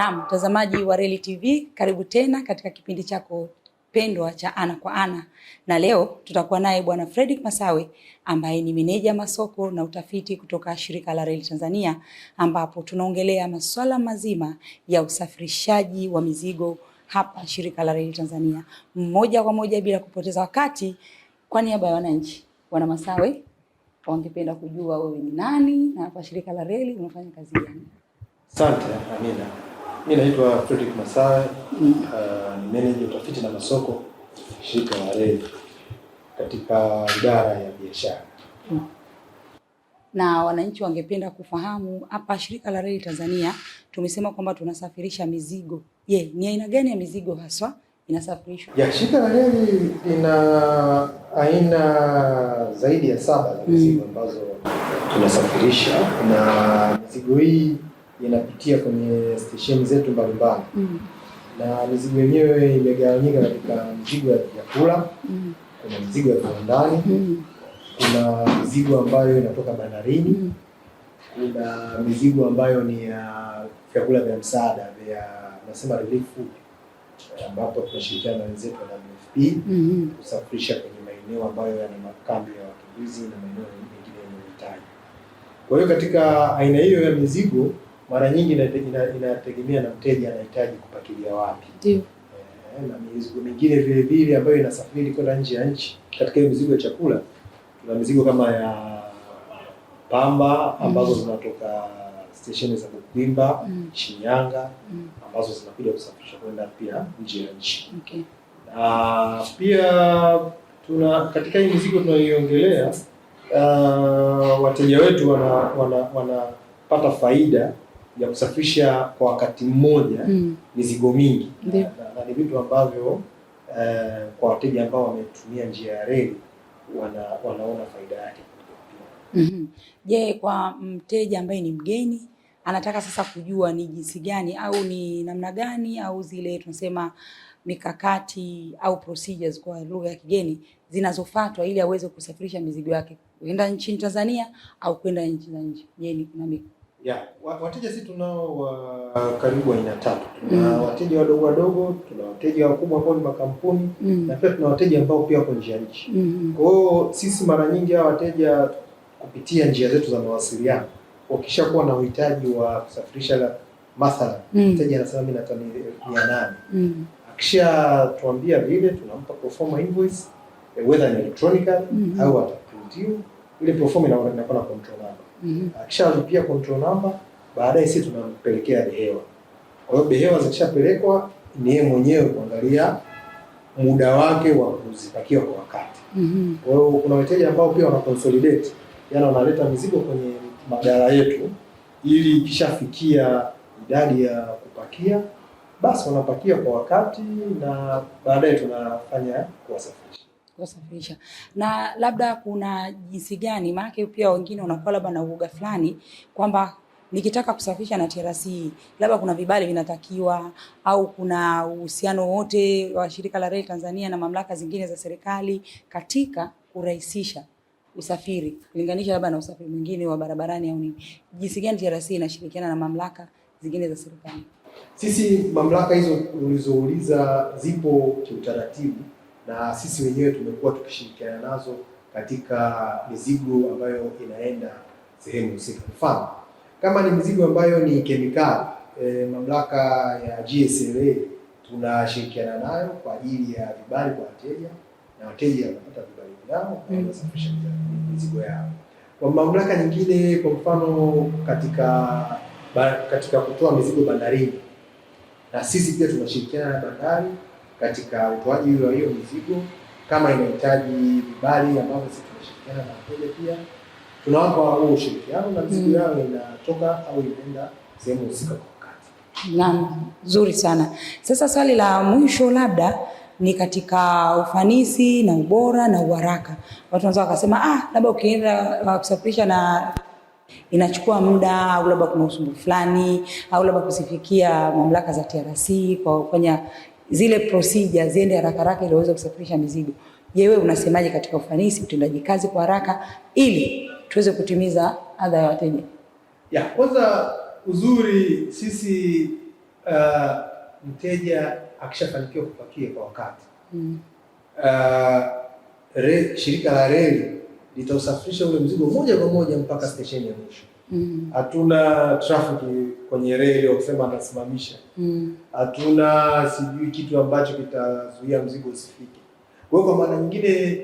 Naam, mtazamaji wa Reli TV, karibu tena katika kipindi chako pendwa cha ana kwa ana, na leo tutakuwa naye bwana Fredrick Masawe ambaye ni meneja masoko na utafiti kutoka shirika la Reli Tanzania, ambapo tunaongelea masuala mazima ya usafirishaji wa mizigo hapa shirika la Reli Tanzania. Moja kwa moja bila kupoteza wakati, kwa niaba ya wananchi, bwana Masawe, wangependa kujua wewe ni nani na hapa shirika la Reli unafanya kazi gani? Asante Amina. Mimi naitwa Fredrick Masaya, uh, ni manager utafiti na masoko shirika la Reli katika idara ya biashara. Mm. Na wananchi wangependa kufahamu hapa shirika la Reli Tanzania tumesema kwamba tunasafirisha mizigo. Je, ni aina gani ya mizigo haswa inasafirishwa? Ya, shirika la Reli ina aina zaidi ya saba za mizigo ambazo tunasafirisha na mizigo hii inapitia kwenye stesheni zetu mbalimbali mm. na mizigo yenyewe imegawanyika katika mizigo ya vyakula mm. kuna mizigo ya viwandani mm. kuna mizigo ambayo inatoka bandarini mm. kuna mizigo ambayo ni ya vyakula vya msaada vya nasema relief food ambapo tunashirikiana na wenzetu wa WFP mm -hmm. kusafirisha kwenye maeneo ambayo yana makambi ya wakimbizi na maeneo mengine yenye uhitaji. Kwa hiyo katika aina hiyo ya mizigo mara nyingi inategemea na mteja anahitaji kupakilia wapi. Ndio. E, na mizigo mingine vile vile ambayo inasafiri kwenda nje ya nchi, katika hiyo mizigo ya chakula tuna mizigo kama ya pamba ambazo mm. zinatoka stesheni za Bukwimba mm. Shinyanga mm. ambazo zinakuja kusafirishwa kwenda pia nje ya nchi. Okay. Na pia tuna katika hii mizigo tunayoiongelea, uh, ah, wateja wetu wanapata wana, wana faida ya kusafisha kwa wakati mmoja mm. mizigo mingi na, na, na ni vitu ambavyo uh, kwa wateja ambao wametumia njia ya reli wana, wanaona faida yake. Mhm. Je, mm -hmm. kwa mteja ambaye ni mgeni anataka sasa kujua ni jinsi gani au ni namna gani au zile tunasema mikakati au procedures kwa lugha ya kigeni zinazofuatwa ili aweze kusafirisha mizigo yake kwenda nchini Tanzania au kwenda nchi za nje. Je, ni kuna Yeah, wateja sisi tunao wa karibu aina tatu. Tuna mm. wateja wadogo wadogo, tuna wateja wakubwa ambao ni makampuni mm. na pia tuna wateja ambao pia wako nje ya nchi. Mm, mm. Kwa hiyo sisi mara nyingi hao wateja kupitia njia zetu za mawasiliano wakishakuwa na uhitaji wa kusafirisha mathalan mm. mteja anasema mimi na tani mia nane mm. tuambia vile tunampa pro invoice, whether ni electronic mm -hmm. au atakutiu ile pro inakuwa na control number mm -hmm. Akishalipia control number, baadaye sisi tunampelekea behewa. Kwa hiyo behewa zikishapelekwa, ni yeye mwenyewe kuangalia muda wake wa kuzipakia kwa wakati. mm -hmm. Kwa hiyo kuna wateja ambao pia wana consolidate, yani wanaleta mizigo kwenye magara yetu, ili ikishafikia idadi ya kupakia basi wanapakia kwa wakati, na baadaye tunafanya kuwasafirisha kuwasafirisha, na labda kuna jinsi gani, maana pia wengine wanakuwa labda na uoga fulani kwamba nikitaka kusafirisha na TRC labda kuna vibali vinatakiwa au kuna uhusiano wote wa shirika la reli Tanzania na mamlaka zingine za serikali katika kurahisisha usafiri kulinganisha labda na usafiri mwingine wa barabarani au nini, jinsi gani TRC inashirikiana na mamlaka zingine za serikali? Sisi mamlaka hizo ulizouliza zipo kiutaratibu na sisi wenyewe tumekuwa tukishirikiana nazo katika mizigo ambayo inaenda sehemu husika. Mfano, kama ni mizigo ambayo ni kemikali e, mamlaka ya GSLA tunashirikiana nayo kwa ajili ya vibali kwa wateja na wateja wanapata vibali vyao na kusafirisha mizigo yao. Kwa mamlaka nyingine, kwa mfano katika katika kutoa mizigo bandarini, na sisi pia tunashirikiana na bandari katika utoaji wa hiyo mizigo. Kama inahitaji vibali ambavyo sisi tunashirikiana na wateja pia tunawapa huo ushirikiano na mizigo mm. yao inatoka au inaenda sehemu husika kwa wakati. Naam, nzuri sana. Sasa swali la mwisho labda ni katika ufanisi na ubora na uharaka. Watu wanaweza wakasema ah, labda ukienda uh, kusafirisha na inachukua muda au labda kuna usumbufu fulani au labda kuzifikia mamlaka za TRC kwa kufanya zile procedure ziende haraka haraka ili waweze kusafirisha mizigo. Je, wewe unasemaje katika ufanisi, utendaji kazi kwa haraka ili tuweze kutimiza adha ya wateja? Ya kwanza uzuri sisi uh, mteja akishafanikiwa kupakia kwa wakati mm. Uh, re, shirika la reli litausafirisha ule mzigo moja kwa moja mpaka stesheni ya mwisho. Mm. hatuna mm. traffic kwenye reli wakisema atasimamisha, mm. hatuna mm. sijui kitu ambacho kitazuia mzigo usifike. Kwa hiyo kwa maana nyingine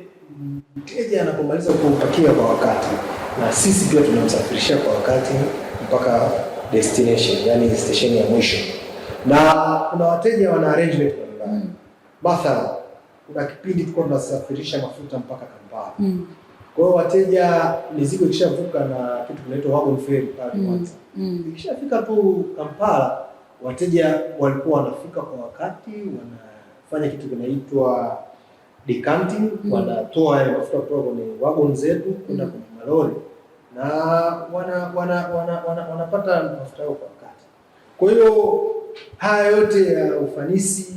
mteja anapomaliza kuupakia kwa wakati na sisi pia tunamsafirishia kwa wakati mpaka destination, yani station ya mwisho. Na kuna wateja wana arrangement mbalimbali, mm. mathalan kuna kipindi tulikuwa tunasafirisha mafuta mpaka Kampala mm. Kwa hiyo wateja mizigo ikishavuka na kitu kinaitwa wagon ferry pale mm, Mwanza. Mm. Mm. Ikishafika tu Kampala wateja walikuwa wanafika kwa wakati, wanafanya kitu kinaitwa decanting, mm. wanatoa yale mafuta kutoka kwenye wagon zetu kwenda mm. kwenye malori na wanapata wana, wana, wana, wanapata mafuta yao kwa wakati. Kwa hiyo haya yote ya ufanisi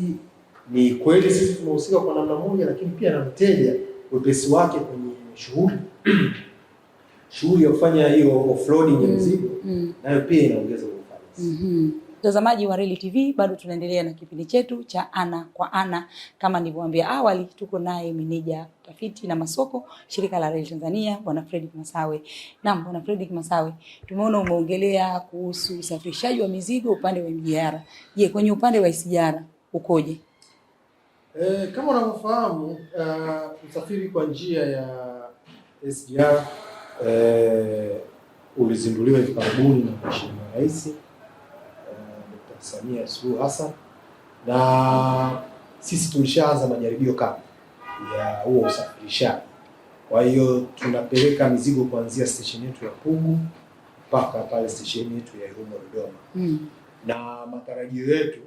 ni kweli sisi tunahusika kwa namna moja, lakini pia na mteja wepesi wake kwenye shughuli shughuli ya kufanya hiyo offloading ya mm, mzigo mm. nayo pia inaongeza ufanisi mm-hmm. Mtazamaji wa Reli TV bado tunaendelea na kipindi chetu cha ana kwa ana. Kama nilivyowaambia awali, tuko naye meneja tafiti na masoko shirika la Reli Tanzania, Bwana Fredrick Masawe. Naam, Bwana Fredrick Masawe, tumeona umeongelea kuhusu usafirishaji wa mizigo upande wa MGR. Je, kwenye upande wa SGR ukoje? E, kama unavyofahamu uh, usafiri kwa njia ya SGR eh, ulizinduliwa hivi karibuni na Mheshimiwa Rais eh, Dkt. Samia Suluhu Hassan na sisi tulishaanza majaribio kama ya huo usafirishaji. Kwa hiyo tunapeleka mizigo kuanzia stesheni yetu ya Pugu mpaka pale stesheni yetu ya Irumo Dodoma, mm. na matarajio yetu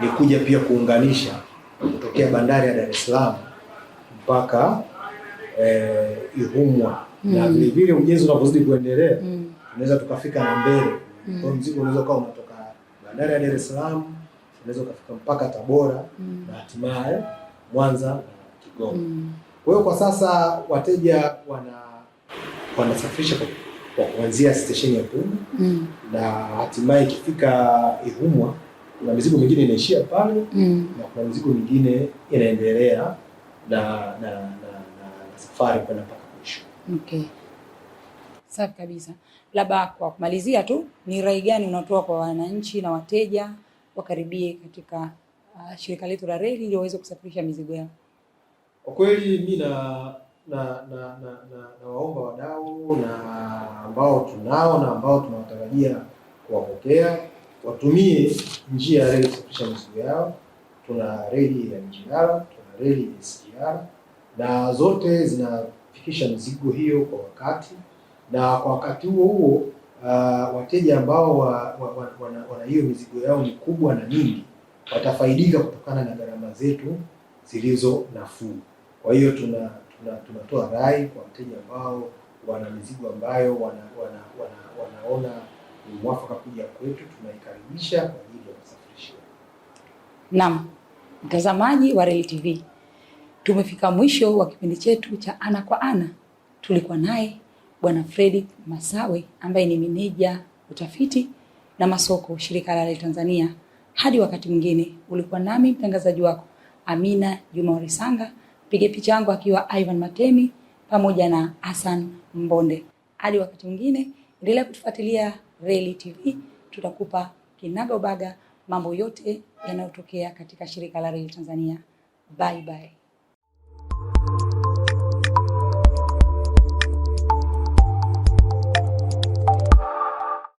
ni kuja pia kuunganisha kutokea bandari ya Dar es Salaam mpaka eh, ihumwa mm. na vile vile ujenzi unavyozidi kuendelea tunaweza mm. tukafika na mbele mm. kwa mzigo unaweza ukawa unatoka bandari ya Dar es Salaam unaweza ukafika mpaka Tabora mm. na hatimaye Mwanza na Kigoma mm. kwa hiyo kwa sasa wateja wana wanasafirisha kwa kuanzia stesheni ya Punda mm. na hatimaye ikifika Ihumwa kuna mizigo mingine inaishia pale mm. na kuna mizigo mingine inaendelea na, na, na safari kwenda mpaka mwisho. Okay. Safi kabisa. Labda kwa kumalizia tu, ni rai gani unatoa kwa wananchi na wateja wakaribie katika uh, shirika letu la reli ili waweze kusafirisha mizigo yao? Kwa kweli mimi na na na na, na, na waomba wadau na ambao tunao na ambao tunawatarajia kuwapokea watumie njia ya reli kusafirisha mizigo yao. Tuna reli ya Njilala, tuna reli ya SGR na zote zinafikisha mzigo hiyo kwa wakati, na kwa wakati huo huo uh, wateja ambao wa, wa, wa, wana, wana hiyo mizigo yao ni kubwa na mingi watafaidika kutokana na gharama zetu zilizo nafuu. Kwa hiyo tuna tunatoa tuna rai kwa wateja ambao wana mizigo ambayo wana, wana, wana, wanaona ni mwafaka kuja kwetu, tunaikaribisha kwa ajili ya kusafirishia. Naam, mtazamaji wa Reli TV Tumefika mwisho wa kipindi chetu cha ana kwa ana. Tulikuwa naye Bwana Fredrick Masawe ambaye ni meneja utafiti na masoko shirika la reli Tanzania. Hadi wakati mwingine, ulikuwa nami mtangazaji wako Amina Juma Orisanga, piga picha yangu akiwa Ivan Matemi pamoja na Hassan Mbonde. Hadi wakati mwingine, endelea kutufuatilia Reli TV, tutakupa kinagobaga mambo yote yanayotokea katika shirika la Reli Tanzania. Bye bye.